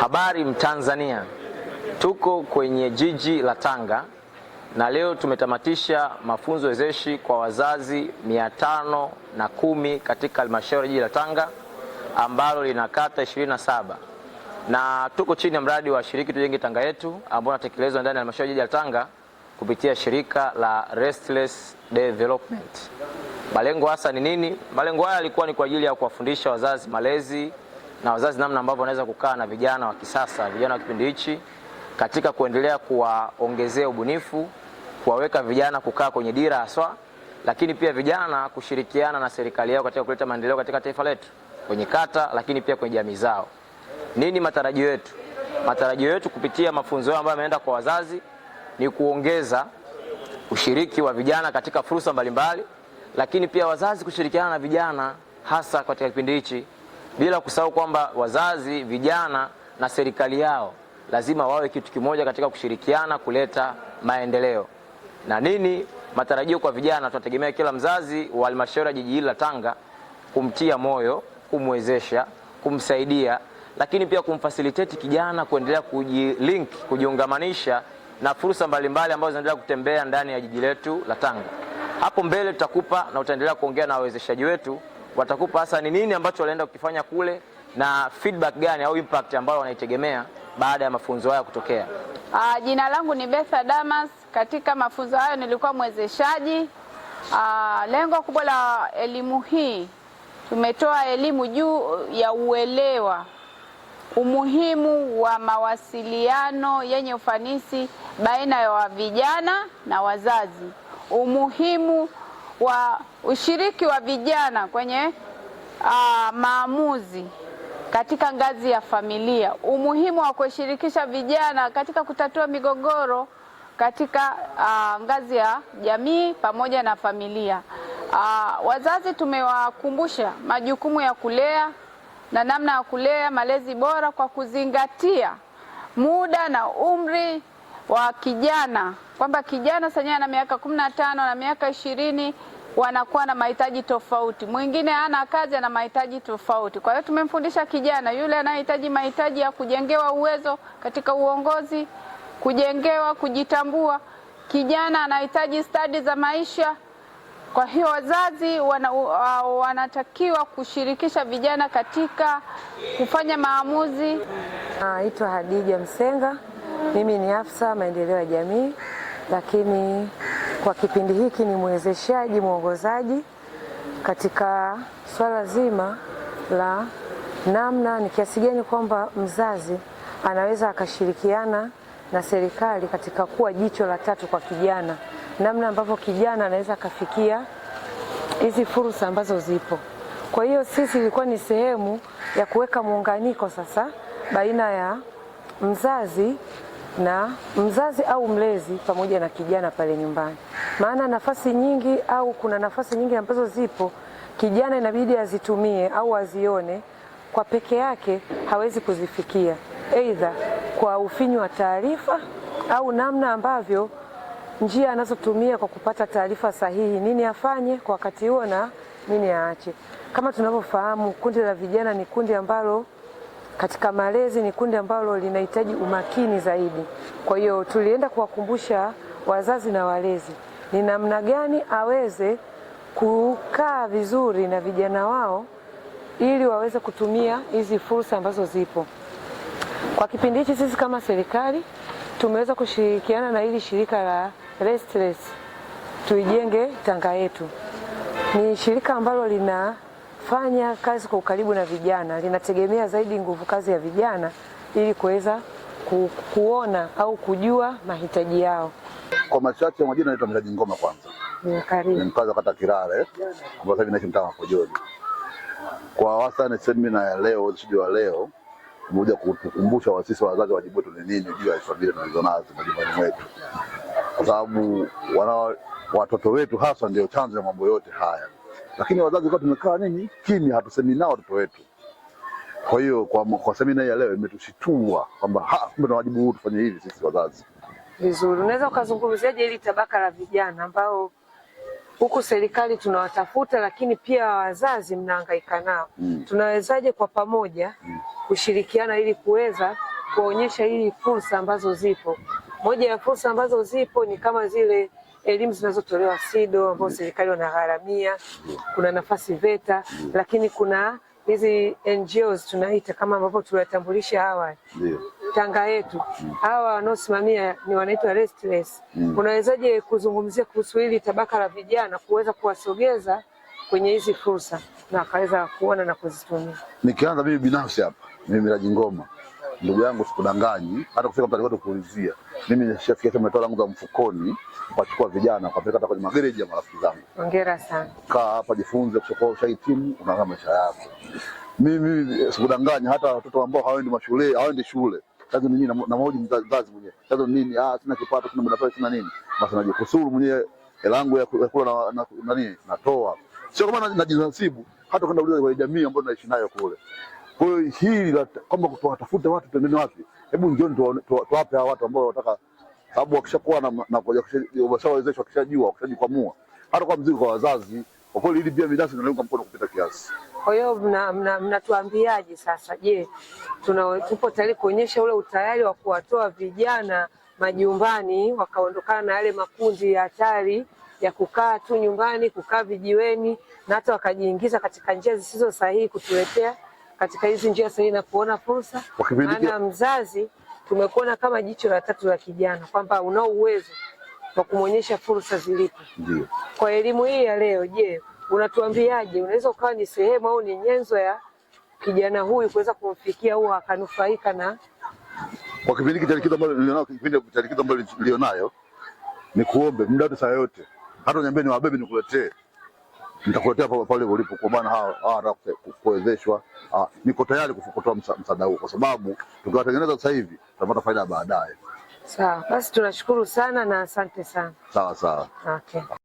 Habari Mtanzania, tuko kwenye jiji la Tanga na leo tumetamatisha mafunzo wezeshi kwa wazazi mia tano na kumi katika halmashauri jiji la Tanga ambalo lina kata 27 na tuko chini ya mradi wa Shiriki Tujenge Tanga Yetu ambao unatekelezwa ndani ya halmashauri jiji la Tanga kupitia shirika la Restless Development. Malengo hasa ni nini? Malengo haya yalikuwa ni kwa ajili ya kuwafundisha wazazi malezi na wazazi namna ambavyo wanaweza kukaa na vijana wa kisasa, vijana wa kipindi hichi katika kuendelea kuwaongezea ubunifu, kuwaweka vijana kukaa kwenye dira haswa, lakini pia vijana kushirikiana na serikali yao katika kuleta maendeleo katika taifa letu, kwenye kata, lakini pia kwenye jamii zao. Nini matarajio yetu? Matarajio yetu kupitia mafunzo ambayo yameenda kwa wazazi ni kuongeza ushiriki wa vijana katika fursa mbalimbali, lakini pia wazazi kushirikiana na vijana hasa katika kipindi hichi bila kusahau kwamba wazazi, vijana na serikali yao lazima wawe kitu kimoja katika kushirikiana kuleta maendeleo. Na nini matarajio kwa vijana? Tunategemea kila mzazi wa halmashauri ya jiji hili la Tanga kumtia moyo, kumwezesha, kumsaidia, lakini pia kumfacilitate kijana kuendelea kujilink, kujiungamanisha na fursa mbalimbali ambazo zinaendelea kutembea ndani ya jiji letu la Tanga. Hapo mbele tutakupa na utaendelea kuongea na wawezeshaji wetu watakupa hasa ni nini ambacho walienda kukifanya kule na feedback gani au impact ambayo wanaitegemea baada ya mafunzo haya kutokea. Aa, ah, jina langu ni Betha Damas. Katika mafunzo hayo nilikuwa mwezeshaji. Ah, lengo kubwa la elimu hii tumetoa elimu juu ya uelewa umuhimu wa mawasiliano yenye ufanisi baina ya vijana na wazazi, umuhimu wa ushiriki wa vijana kwenye aa, ah, maamuzi katika ngazi ya familia, umuhimu wa kushirikisha vijana katika kutatua migogoro katika uh, ngazi ya jamii pamoja na familia. Uh, wazazi tumewakumbusha majukumu ya kulea na namna ya kulea, malezi bora kwa kuzingatia muda na umri wa kijana kwamba kijana sanyewe ana miaka kumi na tano na miaka ishirini wanakuwa na mahitaji tofauti. Mwingine ana kazi, ana mahitaji tofauti. Kwa hiyo tumemfundisha kijana yule anayehitaji mahitaji ya kujengewa uwezo katika uongozi, kujengewa kujitambua. Kijana anahitaji stadi za maisha. Kwa hiyo wazazi wana, wanatakiwa kushirikisha vijana katika kufanya maamuzi. Naitwa Hadija Msenga. Mimi ni afisa maendeleo ya jamii, lakini kwa kipindi hiki ni mwezeshaji mwongozaji katika swala zima la namna ni kiasi gani kwamba mzazi anaweza akashirikiana na serikali katika kuwa jicho la tatu kwa kijana, namna ambavyo kijana anaweza akafikia hizi fursa ambazo zipo. Kwa hiyo sisi ilikuwa ni sehemu ya kuweka muunganiko sasa baina ya mzazi na mzazi au mlezi pamoja na kijana pale nyumbani, maana nafasi nyingi au kuna nafasi nyingi ambazo zipo kijana inabidi azitumie au azione kwa peke yake, hawezi kuzifikia, aidha kwa ufinyu wa taarifa au namna ambavyo njia anazotumia kwa kupata taarifa sahihi, nini afanye kwa wakati huo na nini aache. Kama tunavyofahamu, kundi la vijana ni kundi ambalo katika malezi ni kundi ambalo linahitaji umakini zaidi. Kwa hiyo tulienda kuwakumbusha wazazi na walezi ni namna gani aweze kukaa vizuri na vijana wao ili waweze kutumia hizi fursa ambazo zipo. Kwa kipindi hichi sisi kama serikali tumeweza kushirikiana na hili shirika la Restless Tuijenge Tanga Yetu. Ni shirika ambalo lina kufanya kazi kwa ukaribu na vijana, linategemea zaidi nguvu kazi ya vijana ili kuweza ku, kuona au kujua mahitaji yao. Kwa machache, majina naitwa Miraji Ngoma. Kwanza ni mkazi wa kata Kirare ambao sasa naishi mtaa wa Makojoni. Kwa wastani semina ya leo shughuli ya leo moja kutukumbusha wasisi wazazi wajibu wetu ni nini juu ya familia tulizonazo majumbani mwetu, kwa sababu wana watoto wetu hasa ndio chanzo ya mambo yote haya lakini wazazi kwa tumekaa nini kimya, hatusemi nao watoto wetu. Kwa hiyo kwa, kwa semina ya leo imetushitua kwamba kumbe na wajibu huu, tufanye hivi sisi wazazi vizuri. Unaweza ukazungumziaje hili tabaka la vijana ambao huku serikali tunawatafuta lakini pia wazazi mnahangaika nao mm. Tunawezaje kwa pamoja mm. kushirikiana ili kuweza kuwaonyesha hili fursa ambazo zipo. Moja ya fursa ambazo zipo ni kama zile elimu zinazotolewa SIDO ambao mm. serikali wanagharamia, mm. kuna nafasi VETA, mm. lakini kuna hizi NGOs tunaita kama ambavyo tuliwatambulisha awali Tanga yetu hawa wanaosimamia ni wanaitwa restless. Mm. Unawezaje kuzungumzia kuhusu hili tabaka la vijana kuweza kuwasogeza kwenye hizi fursa na akaweza kuona na kuzitumia? Nikianza mimi binafsi hapa, mimi Raji Ngoma ndugu yangu, sikudanganyi hata kufika mtu alikuwa kuulizia. Mimi nishafikia sema natoa langu za mfukoni kuchukua vijana kuwapeleka hata kwenye magereji ya marafiki zangu. Hongera sana. Kaa hapa jifunze, kushakuwa ushahitimu, unaanza maisha yako. Mimi sikudanganyi hata watoto ambao hawaendi mashule hawaendi shule Chanzo ni nini? Na mmoja mzazi mwenyewe, chanzo ni nini? Ah, sina kipato, sina muda pale, sina nini, basi najikusuru mwenyewe hela yangu ya kula na nani natoa, sio kama najinasibu. Hata kwenda kule kwa jamii ambayo naishi nayo kule kwa hiyo hili la kwamba kuwatafuta watu pembeni wapi, hebu njoni tuwape hawa watu ambao wanataka, sababu wakishakuwa na washawawezeshwa, wakishajua, wakishajikwamua hata kwa mzigo kwa wazazi kwa kweli hili pia binafsi tunaliunga mkono kupita kiasi. Kwa hiyo mnatuambiaje mna, mna sasa? Je, tuna tupo tayari kuonyesha ule utayari wa kuwatoa vijana majumbani wakaondokana na yale makundi ya hatari ya kukaa tu nyumbani, kukaa vijiweni na hata wakajiingiza katika njia zisizo sahihi kutuletea katika hizi njia sahihi na kuona fursa. Maana mzazi tumekuona kama jicho la tatu la kijana, kwamba unao uwezo wa kumwonyesha fursa zilipo. Kwa elimu hii ya leo, je, unatuambiaje? Unaweza ukawa ni sehemu au ni nyenzo ya kijana huyu kuweza kumfikia au akanufaika na kwa kipindi kipindi cha likizo ambacho nilionayo, ni kuombe muda wote, saa yote, hata niambie wabebe nikuletee nitakuletea pale ulipo kwa bwana, hawa hawa kuwezeshwa. Ah, niko tayari kutoa msaada huo, kwa sababu tukiwatengeneza sasa hivi tutapata faida baadaye. Sawa, basi tunashukuru sana na asante sana. Sawa sawa, okay.